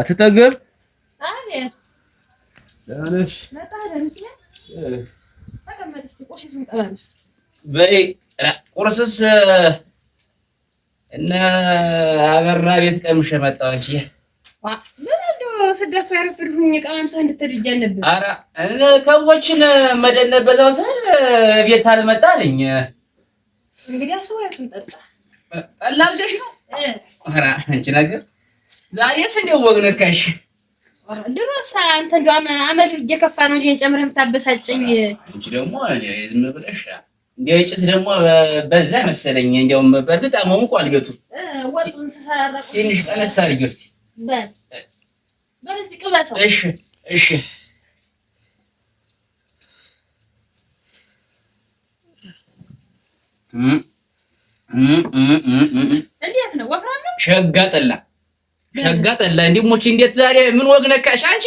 አትጠግብ። ቁርስስ እነ አበራ ቤት ቀምሼ መጣሁ። አንቺ ስደፋ ያረፍድሁኝ ቀማምሰ እንድትድጃ ነበር። ኧረ ከቦችን መደነብ በዛው ሰዓት ቤት አልመጣ አለኝ። እንግዲህ አስበው ያልኩህ ጠጣ ጠላ ነው አንቺ ነገር ዛሬ እንደው ወግ ነካሽ። ድሮስ አንተ እንደው አመል እየከፋ ነው እንጂ ጨምረህ የምታበሳጭኝ እንጂ ደግሞ ዝም ብለሽ እንዲያው ጭስ ደግሞ በዛ መሰለኝ። እንደውም በእርግጥ አሟሙቋል ቤቱ ትንሽ ቀነሳ ልጅ ውስጥ በል በል እሺ እሺ እንዴት ነው ወፍራም ነው ሸጋ ጠላ ሸጋ ጠላ እንዲሞች እንዴት ዛሬ ምን ወግ ነካሽ አንቺ?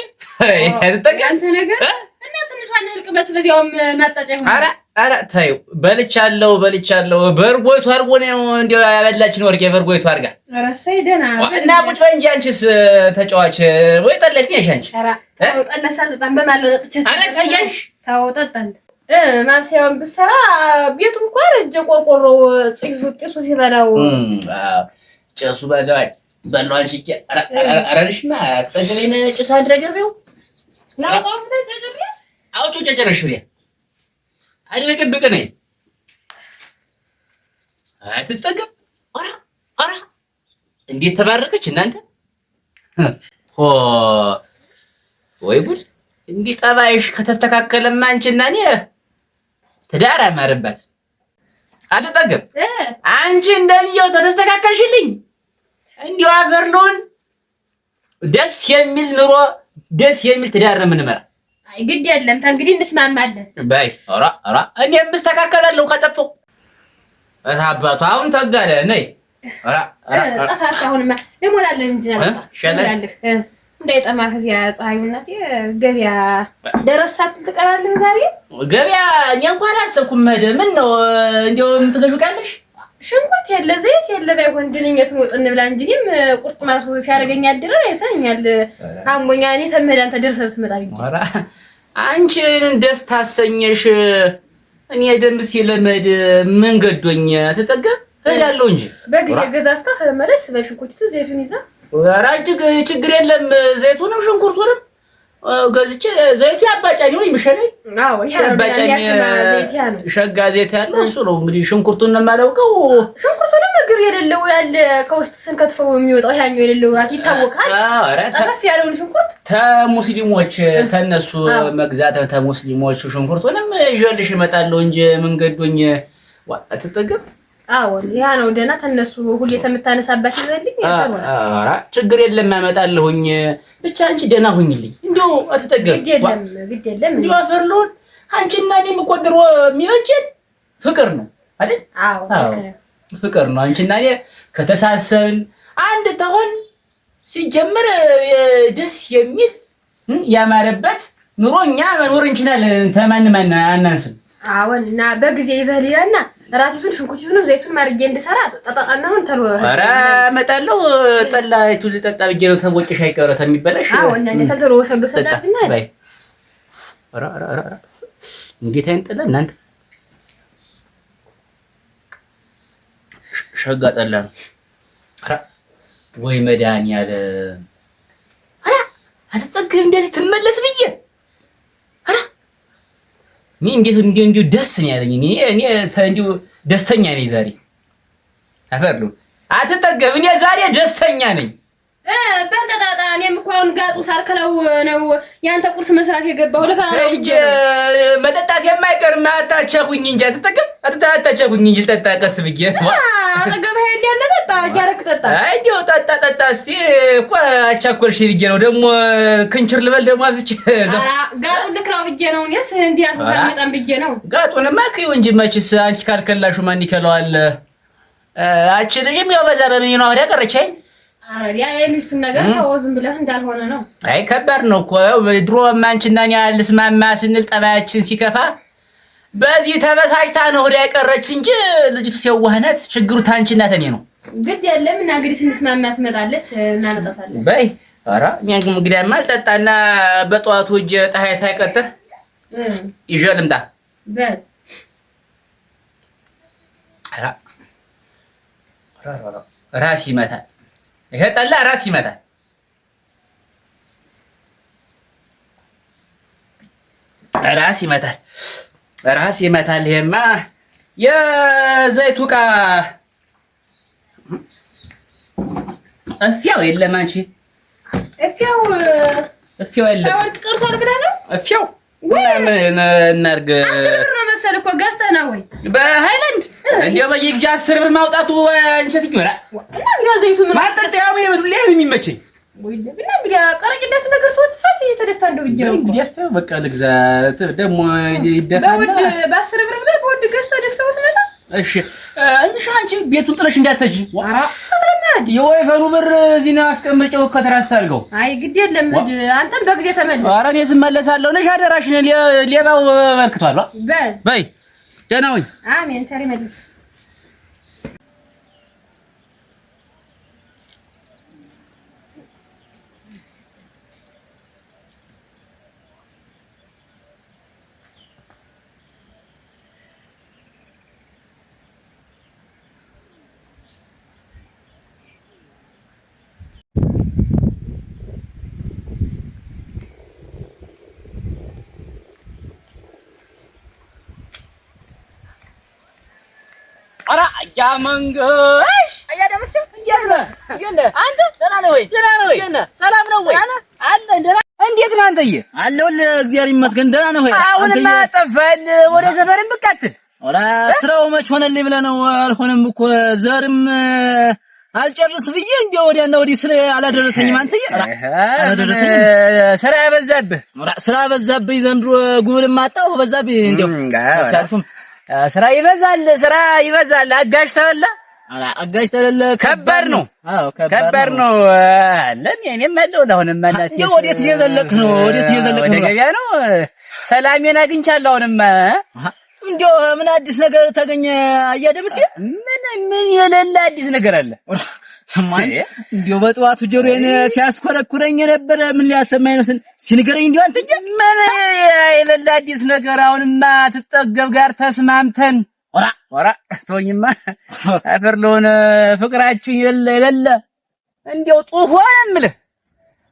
አንተ ነገር እና ትንሿን ህልቅ በስ በዚያውም ማጣጫ ይሆናል። ኧረ ተይው፣ በልቻለሁ በልቻለሁ። በርጎይቱ አድርጎ ነው እንዲያው ያበላችን ወርቄ በርጎይቱ አድርጋ እና ቁጭ በይ እንጂ አንቺስ ተጫዋች ወይ ጠለሽ ነሽ አንቺ? ኧረ ጠለሽ አልጠጣም ጠጥቼ ኧረ ታያሽ ተው ማብሰያውን ብትሰራ ቤቱ እንኳን እጀ ቆርቆሮ ጽዩ ሲበላው ጭሱ በላዋል በእናትሽ አረንሽማ እንዴት ተባረከች እናንተ ወይ ጉድ እንዲህ ጠባይሽ ከተስተካከለማ አንቺና እኔ ትዳር አማረባት አትጠገብ አንቺ እንደዚያው ተስተካከልሽልኝ እንዲሁ አገር ደስ የሚል ኑሮ ደስ የሚል ትዳር ነው የምንመራ። አይ ግድ የለም ተንግዲህ እንስማማለን። በይ ኧረ ኧረ እኔ የምስተካከላለሁ ከጠፋሁ አባቷ አሁን ተጋለ ነይ ኧረ ኧረ ገበያ ደረስ ትቀራለህ ዛሬ እንኳን አላሰብኩም መሄድ። ምን ነው እንደው የምትገዡ ቀለሽ ሽንኩርት የለ ዘይት የለ ባይሆን ድንኘቱን ወጥ እንብላ እንጂ እኔም ቁርጥ ማሱ ሲያደርገኝ አድረር አይተኛል። አሞኛ እኔ ተመዳን ተደርሰብ ብትመጣ ቢሆን ኧረ አንቺን ደስ ታሰኘሽ። እኔ ደም ሲለመድ ምን ገዶኝ ተጠገብ እሄዳለሁ እንጂ በጊዜ ገዛስታ መለስ በሽንኩርቱ ዘይቱን ይዛ ኧረ ችግር የለም ዘይቱንም ሽንኩርቱንም ገዝቼ ዘይት ያባጫኝ ወይ ምሸለኝ ሸጋ ዘይት ያለው እሱ ነው እንግዲህ። ሽንኩርቱን የማላውቀው ሽንኩርቱንም እግር የሌለው ያለ ከውስጥ ስንከትፈው የሚወጣው ያኛው የሌለው ራት ይታወቃል። ጠፈፍ ያለውን ሽንኩርት ተሙስሊሞች ከነሱ መግዛት ሽንኩርቱንም ይዤልሽ እመጣለሁ እንጂ መንገዶኝ ያ ነው ደህና። ተነሱ ሁሌ ይዘልኝ ችግር የለም አመጣለሁኝ። ብቻ አንቺ ደህና ሁኝልኝ እንደው አትጠገብ ግድ የለም እንደው አፈር ልሆን አንቺና እኔ የምቆድር የሚበጀን ፍቅር ነው አይደል? አዎ ፍቅር ነው። አንቺ እና እኔ ከተሳሰብን አንድ ተሆን ሲጀምር ደስ የሚል ያማረበት ኑሮ እኛ መኖር እንችላለን። ተማን አናንስም አሁን እና በጊዜ ይዘህ ሊላና ራሱን ሽንኩርቱንም ዘይቱን ማርጌ እንድሰራ ጠጣጣና አሁን ተሎ ኧረ እመጣለሁ። ጠላይቱ ልጠጣ ብዬ ነው። ተቦጭሽ አይቀረ ተሚበለሽ። አዎን እና ተልተሎ ወሰዶ ሰዳብና አይ ኧረ ኧረ እንዴት አይነት ጠላ እናንተ! ሸጋ ጠላ ነው። ኧረ ወይ መድኃኒዓለም ኧረ አትጠግብ እንደዚህ ትመለስ ብዬ እኔ እንዴት ደስ ነው ያለኝ። እኔ እኔ ደስተኛ ነኝ ዛሬ። አፈርሉ አትጠገብኝ። ዛሬ ደስተኛ ነኝ። በልጠጣጣ እኔም እኮ አሁን ጋጡ ሳልከለው ነው ያንተ ቁርስ መስራት የገባሁ። ለካራ መጠጣት የማይቀር አታቸኩኝ እንጂ አትጠቅም አትታቸኩኝ እንጂ ጠጣ፣ ቀስ ብዬ አጠገብ ሄድ ያለ ጠጣ፣ እያደረክ ጠጣ። አይ ጠጣ ጠጣ። እስቲ እኮ አቻኮልሽ ብዬ ነው ደግሞ ክንችር ልበል ደግሞ አብዝቼ ጋጡ ልክራው ብዬ ነው እኔስ እንዲህ ያልኩ ብዬ ነው። ጋጡንማ ክዩ እንጂ መችስ አንቺ ካልከላሹ ማን ይከለዋል? ልጅም ያው በዛ በምን ነው አሁን አይ ከባድ ነው እኮ ድሮ ማንችና ያልስማማ ስንል ጠባያችን ሲከፋ በዚህ ተበሳጭታ ነው ወዲያ የቀረች እንጂ ልጅቱ ሲያዋህነት ችግሩ ታንቺና ተኔ ነው። ግድ የለም እና እንግዲህ ስንስማማ ትመጣለች እናመጣታለን። በይ ኧረ እኛም እንግዲያማ አልጠጣና በጠዋቱ እጅ ፀሐይ ሳይቀጥር ይዤ ልምጣ። ራስ ይመታል ይሄ ጠላ ራስ ይመታል። ራስ ይመታል። ራስ ይመታል። ይሄማ የዘይቱ ዕቃ እፊያው የለም። አንቺ እፊያው እፊያው የለም። ቀርቷል ብለህ ነው እፊያው እናድርግ። አስር ብር መሰል እኮ ገዝተህ ነው ወይ? በሀይላንድ እንደው በየጊዜው አስር ብር ማውጣቱ እንቸት ይሆናል። የሚመቸኝ ነገር በቃ ልግዛት ደግሞ በውድ በአስር ብር ብለህ በውድ ገዝተህ ደፍተህ ትመጣ እሺ እንሽ አንቺ ቤቱን ጥለሽ እንዳትሄጂ። ኧረ የወይፈሩ ብር እዚህ ነው አስቀምጪው፣ ከተራስ ታድርገው። አይ ግድ የለም አንተም በጊዜ ተመለስ። አረ እኔ ስመለሳለሁ። ነሽ አደራሽ ሌባው በርክቷል። በይ ደህና ሁኚ። አሜን። ቸር ይመልስ መንገሽ አንተ ደህና ነህ ወይ? ደህና ነህ ወይ? ሰላም ነው እንዴት ነህ አንተዬ? አለሁልህ እግዚአብሔር ይመስገን። ደህና ነህ ወይ? አሁንማ ጠፋን። ወደ ዘፈርም ብቃትል ኧረ ስራው መች ሆነልኝ ብለህ ነው? አልሆነም እኮ ዘርም አልጨርስ ብዬ እንደ ወዲያና ወዲህ ስለ አላደረሰኝም። አንተዬ አላደረሰኝም። ስራ በዛብህ፣ ስራ በዛብህ። ዘንድሮ ጉብልም አጣሁ በዛብህ። እንደው አልቻልኩም ስራ ይበዛል፣ ስራ ይበዛል። አጋሽ ተበላ አጋሽ ተበላ። ከበር ነው። አዎ ከበር ነው። አለም የኔ ያለው አሁንም ማለት ነው። ወዴት እየዘለቅ ነው? ወዴት እየዘለቅ ነው? ገበያ ነው። ሰላሜን አግኝቻለሁ። አሁንም እንዴ ምን አዲስ ነገር ተገኘ? አያደምስ ምን ምን የሌለ አዲስ ነገር አለ? ሰማኝ። እንዲሁ በጠዋቱ ጆሮዬን ሲያስኮረኩረኝ የነበረ ምን ሊያሰማኝ ነው ስል ሲንገረኝ እንዲሁ አንተ እንጂ ምን የሌላ አዲስ ነገር አሁንማ ትጠገብ ጋር ተስማምተን ወራ ወራ ተወኝማ አፈር ለሆነ ፍቅራችን የለ የሌለ እንዲያው ጡፏን ምልህ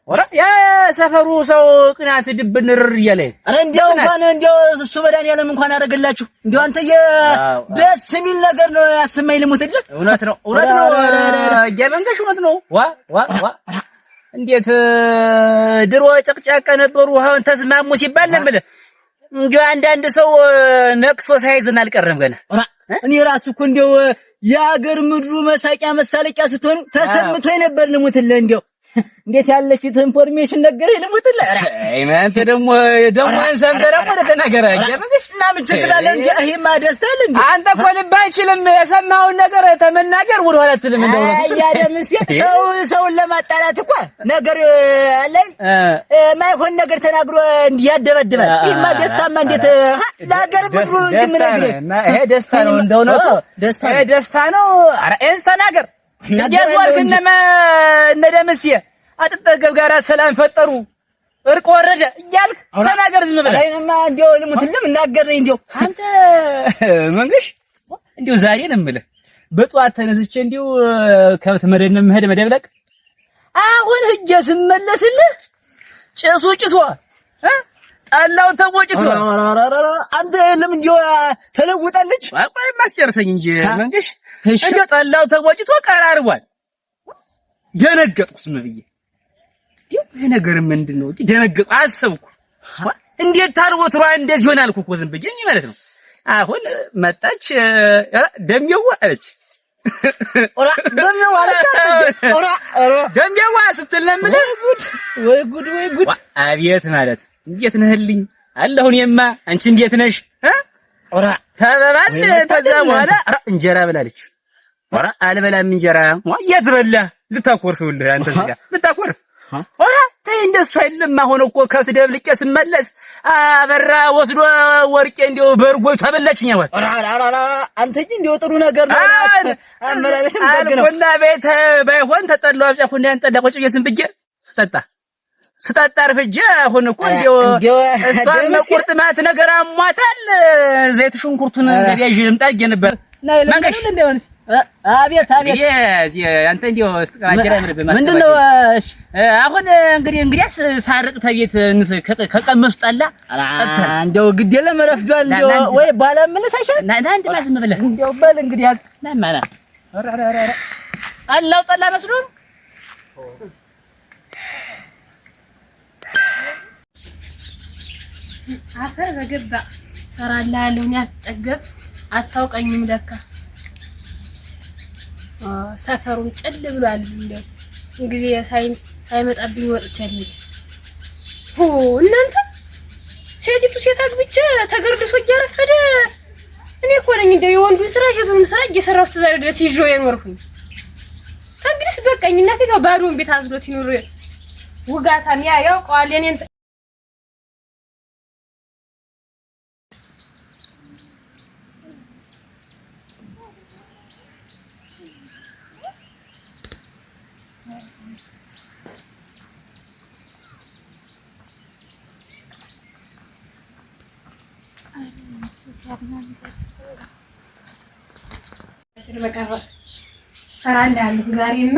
ወራ የሰፈሩ ሰው ቅናት ድብን ርር እያለ አረ እንዲያው እንኳን እንዲያው እሱ መድኃኒዓለም እንኳን አደረገላችሁ። እንዲያው አንተ ደስ የሚል ነገር ነው ያሰማኝ። ልሞት አይደል? እውነት ነው፣ እውነት ነው። እየመንገሽ እውነት ነው። ዋ ዋ ዋ እንዴት ድሮ ጨቅጫቀ ነበሩ አሁን ተስማሙ ሲባል ነበር። እንዲያው አንዳንድ ሰው ነቅሶ ሳይዝን አልቀረም ገና። እኔ ራሱ እኮ እንዲያው የአገር ምድሩ መሳቂያ መሳለቂያ ስትሆኑ ተሰምቶ የነበር ልሞትልህ እንዲያው እንዴት ያለች ኢንፎርሜሽን ነገር ልሙጥላ አይነት ደግሞ ደግሞ ሰምተህ ደግሞ ተናገረ ያመግሽ እና ምን ችግር አለ እንዴ? ይሄማ ደስታ አለ እንዴ? አንተ እኮ ልብ አይችልም። የሰማውን ነገር ተመናገር ወደ ኋላ አትልም። እንደው ሰው ሰውን ለማጣላት እኮ ነገር አለ ማይሆን ነገር ተናግሮ እንዲያደበድባል። ይሄማ ደስታማ እንዴት ለሀገር ብሩ እንድምነግር ይሄ ደስታ ነው እንደው ነው ደስታ ነው። ኧረ ይሄን ተናገር እያዟልክ እነ ደምሴ አጥጠገብ ጋር ሰላም ፈጠሩ ወረደ እያልክ ተናገር። ዝም ብለህ ልሙትልም እናገረኝ አንተ መንገሽ ዛሬ ነው የምልህ በጠዋት ተነስቼ ከብት መሄድ መደብለቅ አሁን ስመለስልህ ጭሱ ጭሷ ጠላው ተቦጭቶ አንተ ለምን እንጂ ተለውጣለች። አቋይ ማስጨርሰኝ እንጂ መንገሽ እንጂ ጠላው ተቦጭቶ ቀራርቧል። ደነገጥኩ። ስም ብዬ ይሄ ነገር ምንድን ነው? ደነገጥኩ፣ አሰብኩ። እንዴት ታርቦ ትሯ እንዴት ይሆናል እኮ ዝም ብዬ ማለት ነው። አሁን መጣች ደምየዋ አለች። ኦራ ኦራ አለች። ደምየዋ ስትለምልህ ወይ ጉድ ወይ ጉድ! አቤት ማለት እንዴት ነህልኝ አለሁን የማ አንቺ እንዴት ነሽ? ኧረ ተበባል። ተዛ በኋላ እንጀራ ብላለች። ኧረ አልበላም እንጀራ። የት በላህ? ልታኮርፍብልህ አንተ ስጋ ልታኮርፍ ኧረ ተይ እንደሱ አይደለም። አሁን እኮ ከብት ደብልቄ ስመለስ አበራ ወስዶ ወርቄ እንደው በርጎ ተበላችኝ። አወት አንተ እንጂ እንደው ጥሩ ነገር ነው አመላለስም ደግነው አልኩና ቤት ባይሆን ተጠላው አብጫ ሁና አንጠላ ቁጭ ብዬ ስጠጣ ስጠጣር ፍጄ አሁን እኮ እንደው እሷን ቁርጥማት ነገር አሟታል። ዘይት ሽንኩርቱን ገዳጅ ልምጣ እጄ ነበር አሁን እንግዲህ እንግዲያስ ሳርቅ ተቤት ከቀመሱ ጠላ እንደው ግድ የለም ረፍዷል። ወይ ና ብለህ እንደው በል ጠላ አፈር በገባ እሰራልሃለሁ። እኔ አትጠገብ አታውቀኝም። ለካ ሰፈሩም ጭል ብሏል። እንደው እንግዲህ ሳይመጣብኝ ወጥቻለች። ሆ እናንተ ሴቲቱ ሴት አግብቼ ተገርድሶ እያረፈደ እኔ እኮ ነኝ እንደው የወንዱን ስራ ሴቱንም ስራ እየሰራሁ እስከ ዛሬ ድረስ ይዤው የኖርኩኝ። ከእንግዲህ በቃኝ። እናቴ ተው ባዶውን ቤት አዝሎት ይኑር። ውጋታም ያ ያውቀዋል የኔን ሰራ ዛሬማ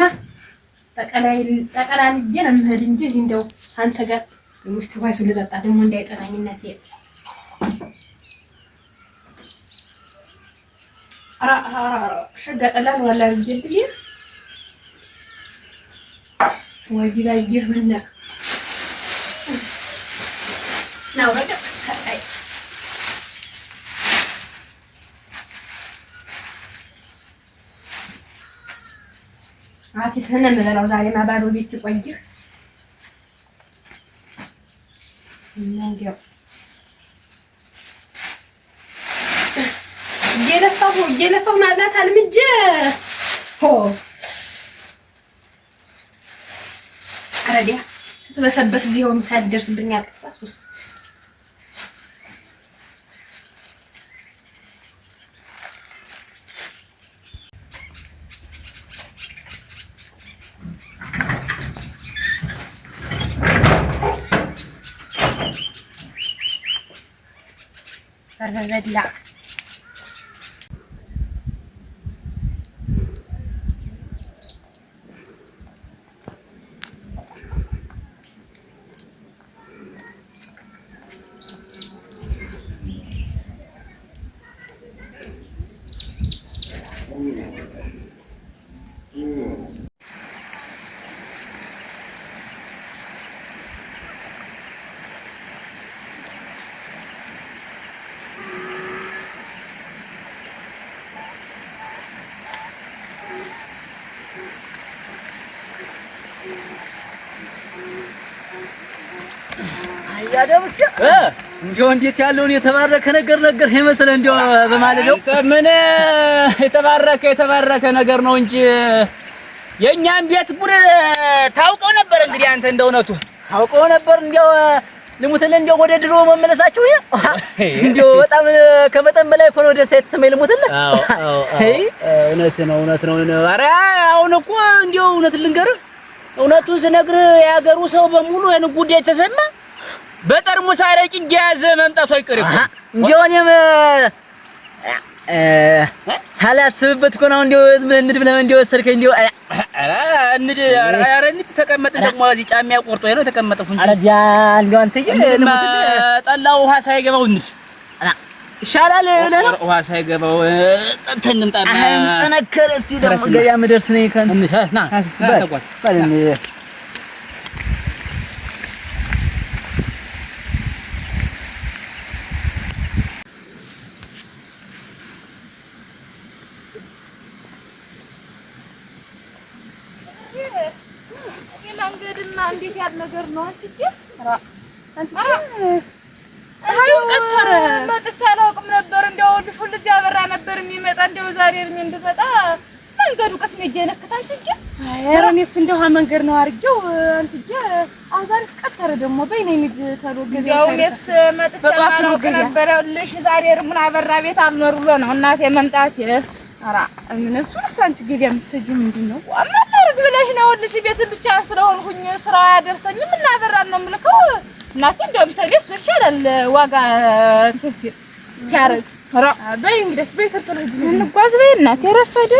ጠቀላልጄ ነው የምሄድ እንጂ እዚህ እንደው አንተ ጋር የምስተባሱ ልጠጣ ደግሞ እንዳይጠናኝ እናቴ። ሸጋ ዋላ ልጅልኝ ወይባ ይህ ምነው ነው በቃ አትክልት ነው የምበላው ዛሬማ ባዶ ቤት ስቆይህ እየለፋሁ እየለፋሁ ማብላት ሆ አረዲያ ስትበሰበስ እዚያውም ሳልደርስብኝ አልቀጣ ሱስ Yeah. እንዲያው እንዴት ያለውን የተባረከ ነገር ነገር ይመስልህ እንዲያው በማለለው ነው። ምን የተባረከ የተባረከ ነገር ነው እንጂ የእኛም ቤት ጉድ ታውቀው ነበር። እንግዲህ አንተ እንደ እውነቱ ታውቀው ነበር እንዲያው ልሙትልህ እንዲያው ወደ ድሮ መመለሳችሁ እንዲያው በጣም ከመጠን በላይ እኮ ነው ደስታ የተሰማኝ። ልሙትልህ እውነት ነው እውነት ነው። ኧረ አሁን እኮ እንዲያው እውነት ልንገርህ፣ እውነቱን ስነግርህ የሀገሩ ሰው በሙሉ ይሄን ጉዳይ ተሰማ በጠርሙስ አረቂ የያዘ መምጣቱ አይቀርም። እንደው እኔም ሳላስብበት እኮ ነው እንደው ዝም ብለህ ብለህ እንደው ወሰድከኝ። እንደው ኧረ እንሂድ ተቀመጥን። ደግሞ እዚህ ጫማ ቆርጦ ነው ተቀመጥኩ እንጂ እንደው አንተዬ ጠላው ውሃ ሳይገባው እንሂድ ይሻላል ብለህ ነው ውሃ ሳይገባው እንትን እንምጣ ጠነከር እስኪ ደግሞ ገበያ የምደርስ ነኝ ከእንትን እንዴት ያለ ነገር ነው? አንቺ ግን መጥቼ አላውቅም ነበር። እንደው ድፉል እዚያ በራ ነበር የሚመጣ ዛሬ እርሜ እንድመጣ መንገዱ ቅስሜ እየነክት አንቺ ኧረ እኔስ እንደው መንገድ ነው አድርጌው አንቺ አሁን ደግሞ እንሂድ ተሎ እኔስ መጥቼ ዛሬ እርሙን አበራ ቤት አልኖር ብሎ ነው እናቴ መምጣት። ኧረ እሱንስ አንቺ የምትሰጂው ምንድን ነው? ይኸውልሽ ቤትን ብቻ ስለሆንኩኝ ስራ አያደርሰኝም እና በራን ነው የምልከው። እናቴ እንደውም ተቤት እሱ ይሻላል ዋጋ እንትን ሲል ሲያደርግ በይ እንግዲህ ቤት እንትን ሂጂ እንጓዝ በይ እናቴ ረፈደ።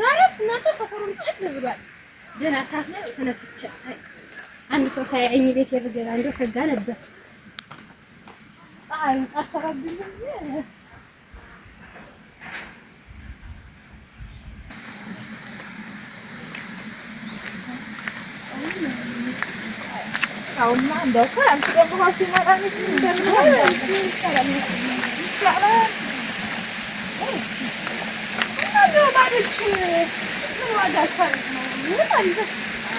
ዛሬስ እናንተ ሰፈሩን ችግር ብሏል። ደህና ሰዓት ነው ተነስቼ አንድ ሰው ሳያየኝ ቤት የብገባ እንደው ህግ አለበት። ፀሐይ ጻፈረብኝ። አሁንማ እንደው ከአንተ ደግሞ ሆስ ይመራል እንደምን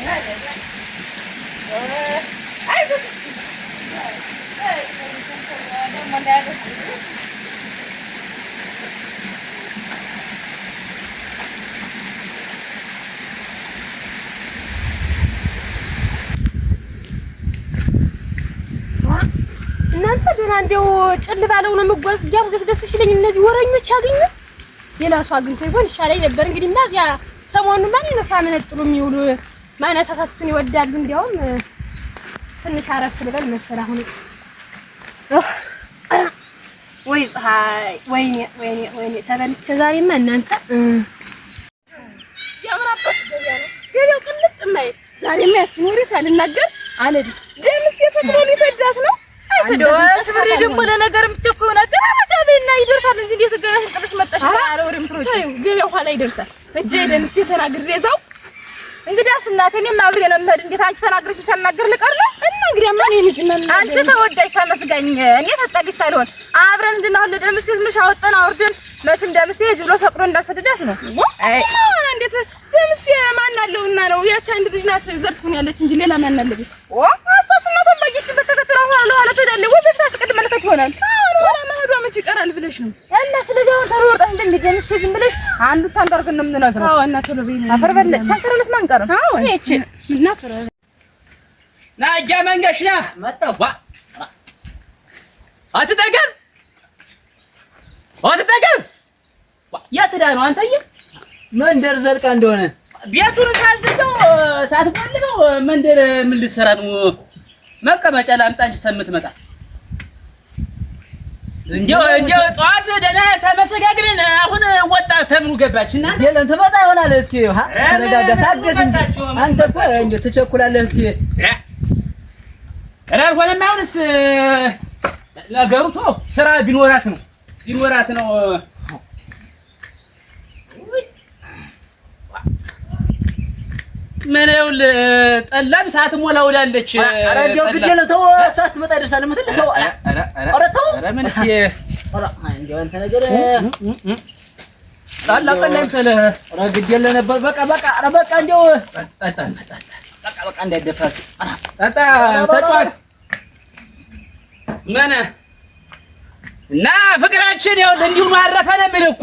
እናንተ ደህና እንደው ጭል ባለው ነው መጓዝ ጃም ደስ ሲለኝ እነዚህ ወረኞች ያገኙ የላሱ አግኝቶ ይሆን ይሻለኝ ነበር። እንግዲህ እና እዚያ ሰሞኑን ማን ነው ሲያመነጥሉ የሚውሉ ማነሳሳቱን ይወዳሉ። እንዲያውም ትንሽ አረፍ ልበል መሰል። አሁንስ ወይ ፀሐይ፣ ወይኔ ወይኔ ወይኔ ተበልቼ ዛሬማ እናንተ ቅልጥ ዛሬማ ሳልናገር አለዲ ጀምስ የፈቅዶ ሊሰዳት ነው። ነገር ይደርሳል እንጂ እንዴት ገበያሽን መጣሽ? ፕሮጀክት ኋላ ይደርሳል። እጄ ደምስ የተናግሬ እዛው እንግዲያስ እናቴ እኔም አብሬ ነው የምሄድ። እንዴት አንቺ ተናግረሽ ሳልናገር ልቀር ነው? እና እንግዲያማ እኔ ልጅ ነኝ። አንቺ ተወዳጅ ተመስጋኝ፣ እኔ ተጠሊት ታልሆን አብረን እንድናሁን ለደምስ ዝምሽ አወጣን አውርደን መቼም ደምስ ሂጅ ብሎ ፈቅዶ እንዳሰደዳት ነው እንዴት በምስ ማን አለውና ነው? ያቺ አንድ ልጅ ናት ዘር ትሆኛለች እንጂ ሌላ ማን አለበት? እሷስ እናቷን ባየችበት ተከትላ ኋላ ኋላ ትሄዳለች ወይ በፊት አስቀድማ ልከት ይሆናል። ኋላ መሄዷ መች ይቀራል ብለሽ ነው እና ስለዚህ አሁን ቶሎ ወጣ እንደልጅ በምስ ዝም ብለሽ አንዱ ታንዳርገን ነው የምንነግረው። አዎ እና ቶሎ በይ አፈር በለች ሳሰረለት ማን ቀረም? አዎ እቺ እና ፈረ ና እያ መንገሽ ና መጣዋ አትጠገብ አትጠገብ ያ ትዳ ነው አንተዬ መንደር ዘልቃ እንደሆነ ቤቱን ሳዝገው ሳትፈልገው መንደር ምን ልትሰራ ነው? መቀመጫ ላምጣ እንጂ ተምትመጣ እንዲያው እንዲያው ጠዋት ደህና ተመሰጋግረን አሁን ወጣ ተምኑ ገባችና ደለን የለም ትመጣ ይሆናል። እስቲ ተረጋጋ፣ ታገስ እንጂ አንተ እኮ እንዲያው ትቸኩላለህ። እስቲ አልሆነም። ሆነ ማውንስ ቶ ስራ ቢኖራት ነው ቢኖራት ነው ምን ይኸውልህ፣ ጠላም ሰዓት ሞላ ውላለች። ኧረ እንደው ግድ የለም ተው፣ እሷ ስትመጣ ይደርሳል የምትልህ ተው። ኧረ ተው፣ ምን እስኪ እንደው አንተ ነገር ጠላ ጠላ ይምሰልህ። ኧረ ግድ የለም ነበር። በቃ በቃ፣ ኧረ በቃ እንደው በቃ በቃ፣ እንዳይደፋ እስኪ ጠጣ፣ ተጫወት። ምን እና ፍቅራችን ይኸውልህ እንዲሁ ማረፈ ነው የምልህ እኮ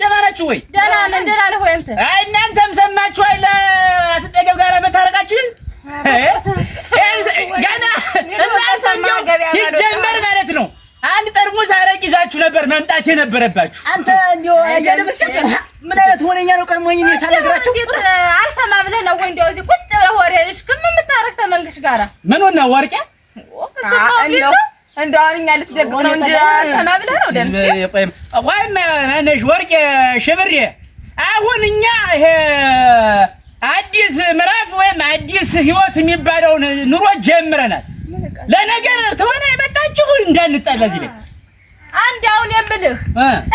ደህና ናችሁ ወይ? ደህና ነን። ደህና ነህ ወይ አንተ? አይ እናንተም ሰማችሁ አይደል? አትጠገብ ጋር መታረቃችን ገና እናንተ እንደው ሲጀመር ማለት ነው አንድ ጠርሙስ አረቅ ይዛችሁ ነበር መምጣት የነበረባችሁ። አንተ እንደው ምን አይነት ሆነኛ ነው? ቀድሞኝ እኔ ሳልነግራችሁ አልሰማ ብለህ ነው ወይ? እንደው እዚህ ቁጭ ብለህ ወሬ ልሽ ክም የምታረግ ተመንግሽ ጋራ ምን ሆነ ወርቄ እንደው አሁን ልትደግም ነው እንጂ ብለህ ነው ደምሴ። ወርቄ ሽብሬ፣ አሁን እኛ ይሄ አዲስ ምዕራፍ ወይም አዲስ ህይወት የሚባለውን ኑሮ ጀምረናል። ለነገር ተሆነ የመጣችሁ እዚህ ላይ አንድ አሁን የምልህ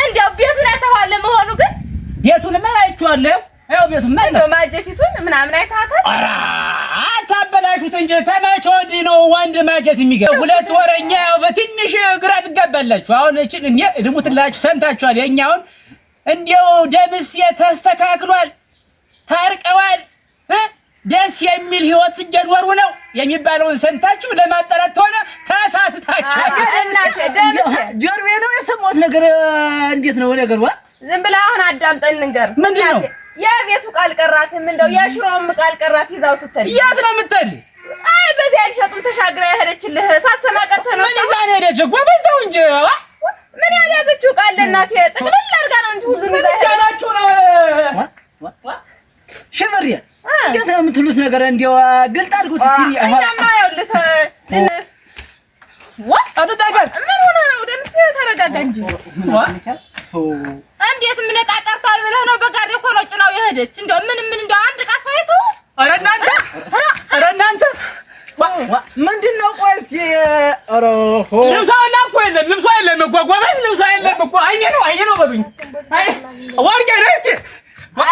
እንዲያው ቤቱን አይተኸዋል ለመሆኑ? ግን አይቼዋለሁ ያው ቤቱማ እንደው ማጀቲቱን ምናምን አይታታል። ኧረ አታበላሹት እንጂ ተመቼ ወዲህ ነው ወንድ ማጀት የሚገባ ሁለት ወረኛ። ያው በትንሽ ግራ ትጋባላችሁ። አሁን እችን እኔ እድሙትላችሁ ሰምታችኋል። የኛውን እንዲያው ደምስ የተስተካክሏል፣ ታርቀዋል፣ ደስ የሚል ህይወት እየኖሩ ነው የሚባለውን ሰምታችሁ ለማጠራት ሆነ ተሳስታችኋል። ጆሮዬ ነው የሰማሁት ነገር። እንዴት ነው ነገሩ? ዝም ብለህ አሁን አዳምጠን ንገር ምንድን ነው የቤቱ ቃል ቀራትም እንደው የሽሮም ቃል ቀራት ይዛው ስትል ያት ነው የምትል? አይ በዚህ አልሸጡም ተሻግራ የሄደችልህ ሳትሰማ ቀርተህ ነው። ምን ይዛ ነው የሄደች እኮ በዛው እንጂ ምን ያህል ያዘችው ቃል ለእናቴ ጥቅልል አድርጋ ነው እንጂ ሁሉ ይዛ ሄደችው ነው። ሽብሬ እንዴት ነው የምትሉት ነገር እንደው ግልጥ አድርጉት እስቲ። እኛማ ያውልህ ምን ሆነህ ነው? ደምስ ተረጋጋ እንጂ እንዴት ምን እቃ ቀርቷል ብለህ ነው? በጋሪ እኮ ነው ጭናው የሄደች። እንደው ምን ምን እንደው አንድ እቃ ሰው ይቱ። ኧረ እናንተ ኧረ እናንተ ምንድን ነው? ቆይ እስኪ ኧረ ልብሷ ሁላ እኮ የለም፣ ልብሷ የለም እኮ ጎበዝ፣ ልብሷ የለም እኮ። አይኔ ነው አይኔ ነው በሉኝ፣ ወርቄ ነው እስኪ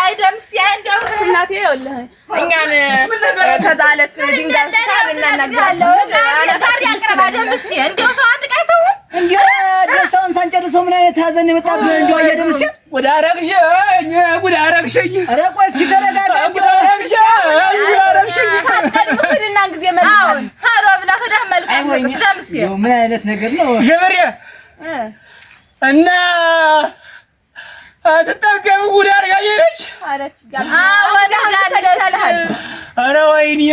አይደም ሲያንደው እናቴ ይኸውልህ እኛን ከዛ ዕለት ድንጋይ ስታል እናናግራለን። አቅርባ ደምስ እንደው ሰው አንድ ዕቃ እንዲያ ደስታውን ሳንጨርሰው ምን አይነት ሀዘን የመጣብህ እንዲያ እየደም ሲል ወደ አረግሽኝ ወደ አረግሽኝ ኧረ ቆይ እስኪ ተረጋጋ። ወደ አረግሽኝ ወደ አረግሽኝ ሳትቀድም ሂድና ጊዜ መልሳል ሀሮ ብላ ሂደህ መልሳል። ስለምስ ምን አይነት ነገር ነው ሽብሬ እና አትጠገብ ጉድ አድርጋኝ ነች አለች። ኧረ ወይኔ